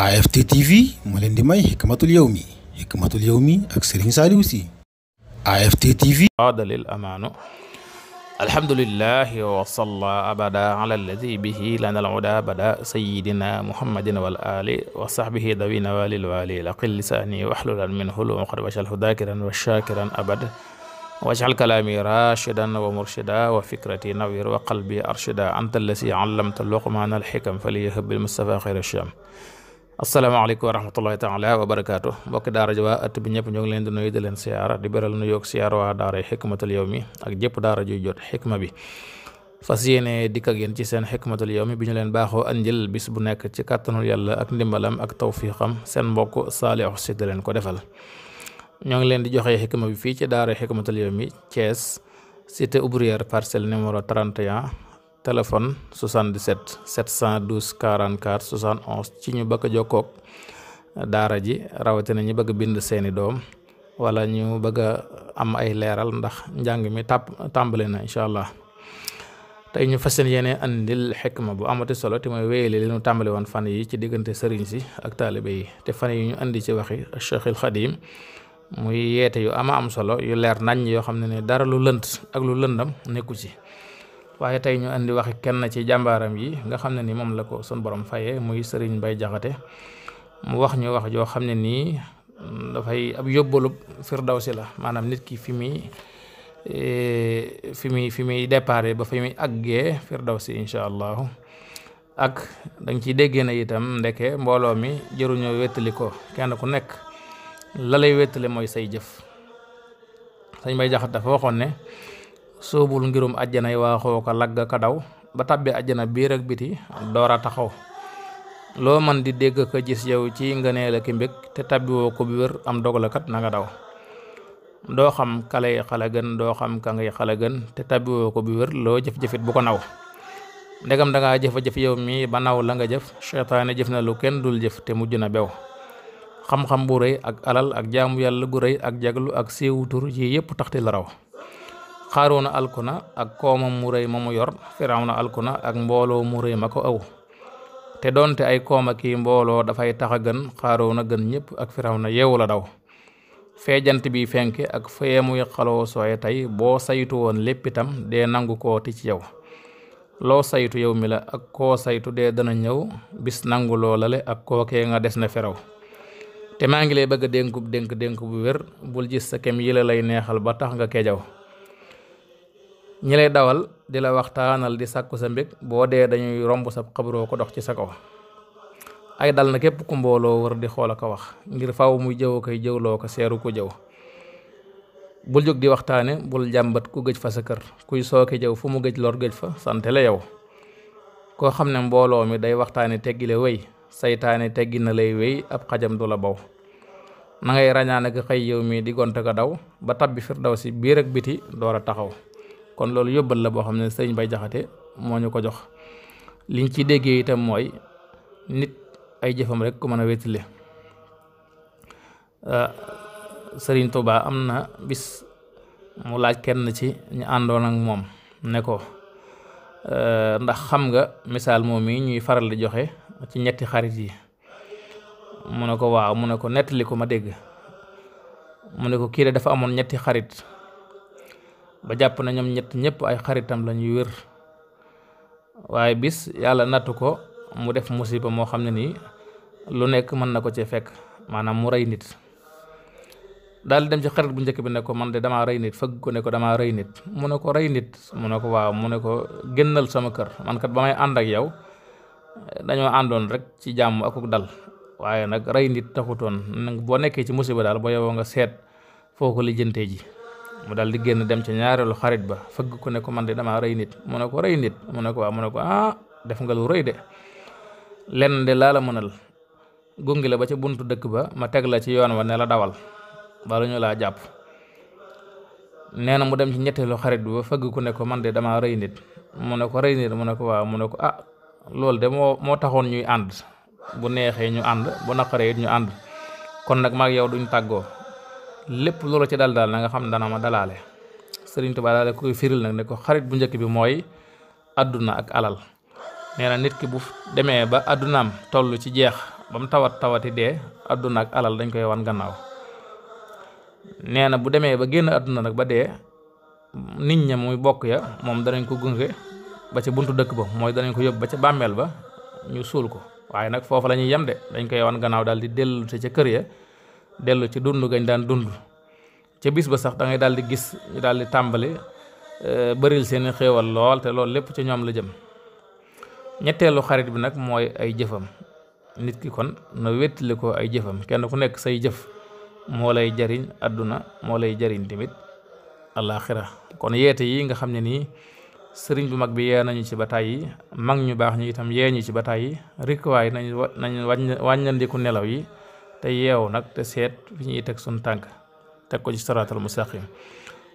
AFT TV moo leen di may Hikmatul Yawmi Hikmatul Yawmi ak Serigne Saliou Sy AFT TV adalil amaanu alhamdulillahi wa salla abada ala alladi bihi lana alhuda bada sayidina muhammadin wal ali wa sahbihi dawina walil wali laqil lisani waxlulan min hulu waqad wacalhu dakiran wa shakiran abad wajal kalaami rashidan wa murshida wa fikrati nawir wa qalbi arshida anta allasi allamta luqmaana alxikam faliyahab bilmustafa xayra sham asalaamaaleykum wa rahmatullahi taala wa barakaatu mbokki daara ji waa at bi ñëpp ñoo ngi leen di nuyu leen siyaara di beral nu yoog siyaar waa daara yi xikmatul yawmi ak jëpp daara juy jot xikma bi fas yéene dikk ak yéen ci seen xikmatul yawmi bi ñu leen baaxoo andil bis bu nekk ci kàttanul yàlla ak ndimbalam ak tawfiqam seen mbokk Saliou Sy di leen ko defal ñoo ngi leen di joxe xikma bi fii ci daara xikmatul yawmi Thiès cité ouvrière parcelle numéro 31 téléphone 77 712 44 71 ci ñu bëgg a jokkoog daara ji rawatina ñi bëgg bind seeni doom wala ñu bëgg am ay leeral ndax njàng mi tàpp tàmbale na incha allah te ñu fas yéene andil ma bu amati solo te mooy wéyale li ñu tàmbali woon fan yi ci diggante sëriñ si ak taalibe yi te fan yi ñu indi ci waxi Cheikhul Xadim muy yeete yu ama am solo yu leer nañ yoo xam ne ne dara lu lënt ak lu lëndam nekku ci waaye tey ñu indi waxi kenn ci jàmbaaram yi nga xam ne ni moom la ko sun borom fayee muy Serigne bay Jaxate mu wax ñu wax joo xam ne nii mm, dafay ab yóbbalub si la maanaam nit ki fi muy e, fi muy fi muy déparé ba fi muy àggee si incha allahu ak danga ciy déggee na itam ndeke mbooloo mi jëruñoo wettali ko kenn ku nekk la lay wettale mooy say jëf Sëñ Mbaye Jaxate dafa waxoon ne sóobul ngirum àjjanay waaxoo ko lagg ka daw ba tàbbi àjjana biir ak biti door a taxaw loo man di dégg ko gis yow ci ngëneel ak te tàbbiwoo ko bi nga daw doo xam kalay xala gën xam ka xala gën te tàbbiwoo ko bi wér loo jëf-jëfit bu ko naw ndegam dangaa jëfa-jëf yow mii ba naw la nga jëf seytaane jëf na lu kenn dul jëf te mujj na bew xam-xam bu rëy ak alal ak jaamu yàlla gu rëy ak jaglu ak siiwutur yi yépp taxti la raw xaaroona alkuna ak koomam mu rëy ma mu yor firawna alkuna ak mbooloo mu rëy ma ko aw te doonte ay koom ak mbooloo dafay tax a gën xaaroona gën ñëpp ak na yeewu la daw feejant bi fenke ak feye muy sooye tey boo saytu woon lépp itam dee nangu koo ti ci yow loo saytu yow mi la ak koo saytu dee dana ñëw bis nangu loolale ak kookee nga des na feraw te maa ngi lay bëgg a dénkub dénk dénk bu wér bul gis sa kem yi la lay neexal ba tax nga kejaw ñi lay dawal di la waxtaanal di sàkku sa mbég boo dee dañuy romb sa xabroo ko dox ci sa kaw ay dal na képp ku mbooloo wër di xool a ko wax ngir faw muy jëw koy jëwloo ko seeru ko jëw bul jóg di waxtaane bul jàmbat ku gëj fa sa kër kuy sooke jëw fu mu gëj lor gëj fa sante la yow koo xam ne mbooloo mi day waxtaane teggi la wéy saytaane teggi na lay wéy ab xajam du la baw na ngay rañaan ak xëy yow mii di gont ko daw ba tabbi daw si biir ak biti door a taxaw kon loolu yóbbal la boo xam ne sëriñ Bay Jaxate moo ñu ko jox liñ ci déggee itam mooy nit ay jëfam rek ku mën a wéttile euh, sëriñ Tuubaa am na bis mu laaj kenn ci ñu àndoon ak moom ne ko euh, ndax xam nga misaal moom yi ñuy faral di joxe ci ñetti xarit yi mu ne ko waaw mu ne ko nettali ko ma dégg mu ne ko kii de dafa amoon ñetti xarit ba jàpp na ñoom ñett ñëpp ay xaritam lañuy wér waaye bis yàlla nattu ko mu def musiba moo xam ne nii lu nekk mën na ko ci fekk maanaam mu rey nit daal dem ci bu njëkk bi ne ko man de damaa rey nit fëgg ko ko damaa rey nit mu ne ko rey nit mu ne ko waaw mu ne ko génnal sama kër man kat ba may ànd ak yow dañoo àndoon rek ci jàmm akuk dal waaye nag rey nit taxutoon boo nekkee ci musiba daal boo yowoo nga seet foo ko lijjantee ji mu daal di génn dem ci ñaareelu xarit ba fëgg ku ne ko man de damaa rëy nit mu ne ko rëy nit mu ne ko waaw mu ne ko ah def nga lu rëy de lenn de laa la mënal gungi la ba ca buntu dëkk ba ma teg la ci yoon wa ne la dawal bala laa jàpp nee na mu dem ci ñetteelu xarit bi ba fëgg ne ko man de damaa rëy nit mu ne ko rëy nit mu ne ko waaw mu ne ko ah loolu de moo moo taxoon ñuy ànd bu neexee ñu ànd bu naqaree it ñu ànd kon nag maag yow duñ tàggoo lépp loola ci dal daal na nga xam dana ma dalaale sëriñ Tuubaa daal koy firil nag ne ko xarit bu njëkk bi mooy àdduna ak alal nee na nit ki bu demee ba àddunaam toll ci jeex ba mu tawat tawati dee àdduna ak alal dañ koy wan gannaaw nee na bu demee ba génn àdduna nag ba dee nit ña muy bokk ya moom danañ ko gunge ba ca buntu dëkk ba mooy danañ ko yóbbu ba ca bàmmeel ba ñu suul ko waaye nag foofu la ñuy yem de dañ koy wan gannaaw daal di dellu ca kër ya dellu ci dund gañ daan dund ca bis ba sax dangay ngay daal di gis ñu daal di tàmbali euh, bëril seeni xéewal lool te loolu lépp ci ñoom la jëm ñetteelu xarit bi nag mooy ay jëfam nit ki kon na wettile ko ay jëfam kenn ku nekk say jëf moo lay jariñ àdduna moo lay jariñ tamit alaaxira kon yeete yi nga xam ne nii sëriñ bu mag bi yee nañu ci ba tàyyi mag ñu baax ñu itam yee ñu ci bataay yi rikk waay nañu wàññandiku nelaw yi te yeew nag te seet fi ñuy teg suñu tànk teg ko ci saraatal mustaqim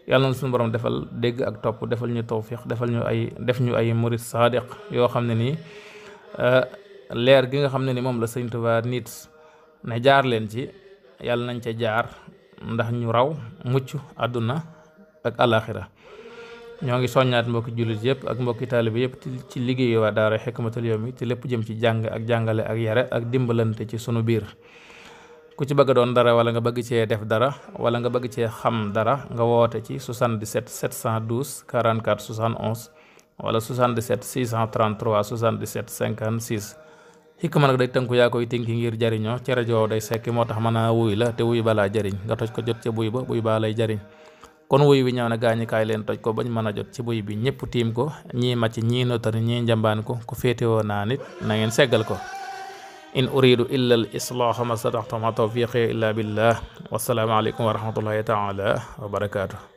yàlla na suñu borom defal dégg ak topp defal ñu tawfiq defal ñu ay def ñu ay murid saadiq yoo xam ne nii eh, leer gi nga xam ne ni moom la sëñ Tuubaa nit ne jaar leen ci yàlla nañ ca jaar ndax ñu raw mucc àdduna ak alaaxira ñoo ngi soññaat mbokki jullit yëpp ak mbokki taalibe yëpp ci liggéeyu waa daara Hikmatul Yawmi te lépp jëm ci jàng ak jàngale ak yare ak dimbalante ci sunu biir ku ci bëgg doon dara wala nga bëgg cee def dara wala nga bëgg cee xam dara nga woote ci 77 712 44 71 wala 77 633 77 56. xikma nag day tënku yaa koy tënki ngir jariñoo ci rajo day sekki moo tax mën a wuy la te wuy balaa jariñ nga toj ko jot ca buy ba buy baa lay jariñ kon wuy bi ñëw na gaañukaay leen toj ko bañ mën a jot ci buy bi ñëpp tiim ko ñii màcc ñii notari ñii njambaan ko ku féetewoo naa nit na ngeen seggal ko in uridu illa al islaaha ma sadaxta ma tawfiqi illa billah wassalaamu aleykum wa rahmatullahi taala wa barakaatu